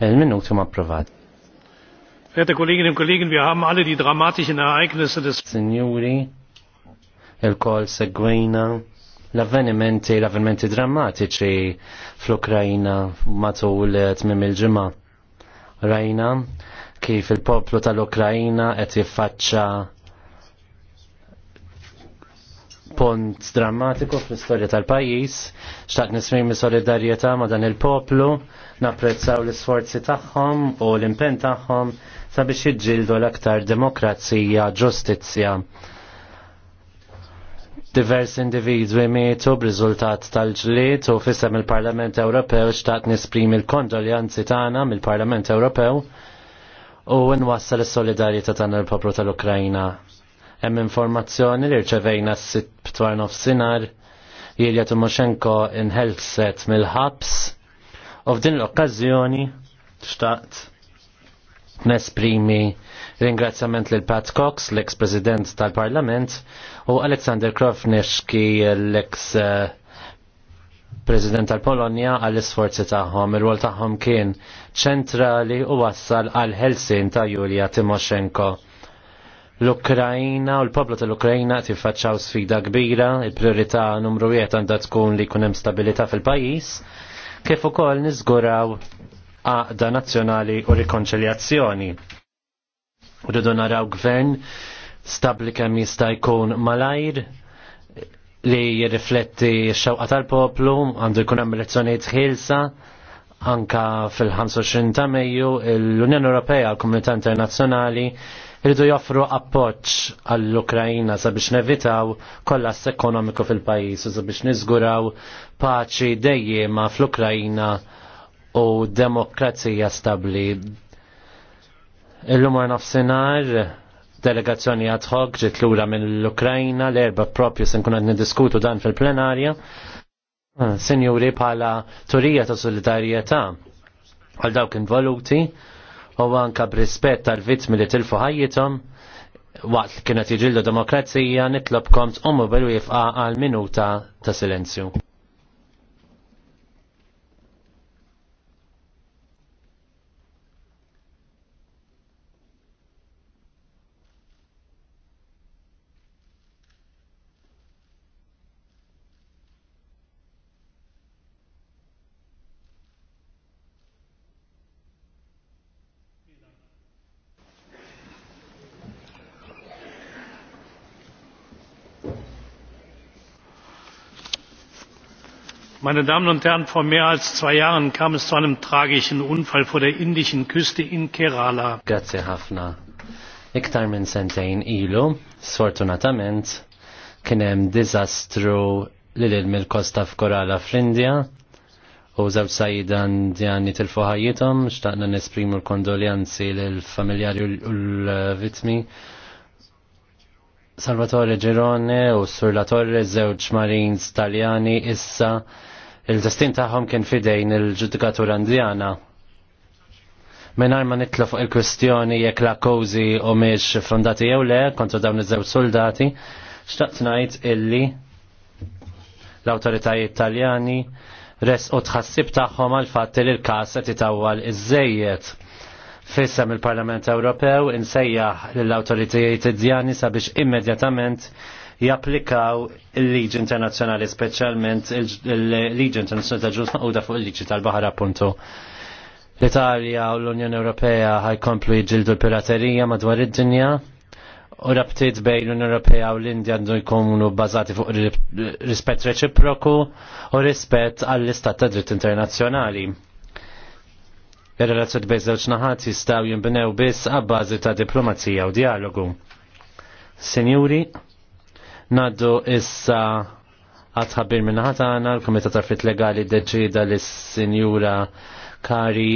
Il-minuti ma' approvat. Verte Kolleginnen und Kollegen, wir haben alle die dramatischen Ereignisse des Signori, il-kol segwina, l-avvenimenti, l-avvenimenti drammatiċi fl-Ukrajina matul tmim il-ġimma. Rajna kif il-poplu tal-Ukrajina qed jiffaċċa punt drammatiku fl-istorja tal-pajis, xtaq nismim solidarjetà ma dan il-poplu, napprezzaw l-isforzi tagħhom u l-impen tagħhom sabiex jiġġieldu l-aktar demokrazija, ġustizzja. Divers individwi mietu b'riżultat tal-ġlied u fissem il-Parlament Ewropew xtaqt nisprim il-kondoljanzi tagħna mill-Parlament Ewropew u nwassal is-solidarjetà tagħna l-poplu tal-Ukrajna Hemm informazzjoni li rċevejna s-sitt Jilja nofsinhar Ilja Health inħelset mill-ħabs u f'din l-okkażjoni xtaqt nesprimi ringrazzjament lil Pat Cox, l-ex-president tal-Parlament, u Aleksander Krofnishki, l-ex-president President tal polonja għall isforzi tagħhom, ir-rol tagħhom kien ċentrali u wassal għal helsin ta' Julia Timoshenko. L-Ukrajna u l-poplu tal-Ukrajna tiffaċċaw sfida kbira, il-priorità numru wieħed għandha tkun li jkun hemm stabilità fil-pajjiż, kif ukoll niżguraw għaqda nazzjonali u rikonċiljazzjoni. Rridu naraw gvern stabli kemm jista' jkun malajr li jirrifletti x-xewqa tal-poplu, għandu jkun hemm elezzjonijiet ħilsa, anka fil-25 ta' Mejju l-Unjoni Ewropea l-Komunità Internazzjonali irridu joffru appoġġ għall-Ukrajina sabiex nevitaw kollass ekonomiku fil-pajis u sabiex niżguraw paċi dejjema fl-Ukrajina u demokrazija stabli. Illum għar nofsinar, delegazzjoni ad hoc ġiet lura mill ukrajina l-erba propju se nkun qed niddiskutu dan fil-plenarja. Ah, sinjuri bħala turija ta' solidarjetà għal dawk involuti u anka b'rispett tal-vittmi li tilfu ħajjithom waqt kienet jiġildu demokrazija nitlobkom tqommu bil-wifqa għal minuta ta' silenzju. meine damen und herren! vor mehr als zwei jahren kam es zu einem tragischen unfall vor der indischen küste in kerala. grazzi ħafna. iktar minn sentejn ilu sfortunatament kien hemm diżastru lil ilm il-kosta f'Korala fl-Indja u żewġ sajda ndjani tilfu ħajjithom xtaqna nesprimu l-kondoljanzi lill familjari u l-vitmi. l vitmi Salvatore Girone u Surla Torre żewġ Marines Taljani issa il-destin tagħhom kien fidejn il-ġudikatura Indjana. Minar ma nitlu fuq il-kwestjoni jekk la kozi u miex fondati jew le kontra dawn iż-żewġ soldati, xtaqt ngħid illi l-awtoritajiet Taljani res u tħassib tagħhom għal fatt li l-każ qed itawwal iż fissa mill-Parlament Ewropew insejjaħ lill-awtoritajiet Djani sabiex immedjatament japplikaw il-liġi internazzjonali, speċjalment il-liġi internazzjonali ta' u maquda fuq il-liġi tal-Bahar appuntu. L-Italja u l-Unjoni Ewropea ħajkomplu jġildu l-piraterija madwar id-dinja u rabtiet bejn l-Unjoni Ewropea u l-Indja għandu jkunu bbażati fuq rispett reċiproku u rispett għall-istat ta' dritt internazzjonali. Ir-relazzjoni bejn żewġ naħat jistgħu jinbnew biss għabbażi ta' diplomazija u dialogu. Sinjuri, naddu issa għadħabir minnaħat għana l-Komitat Affrit Legali deċida lis sinjura Kari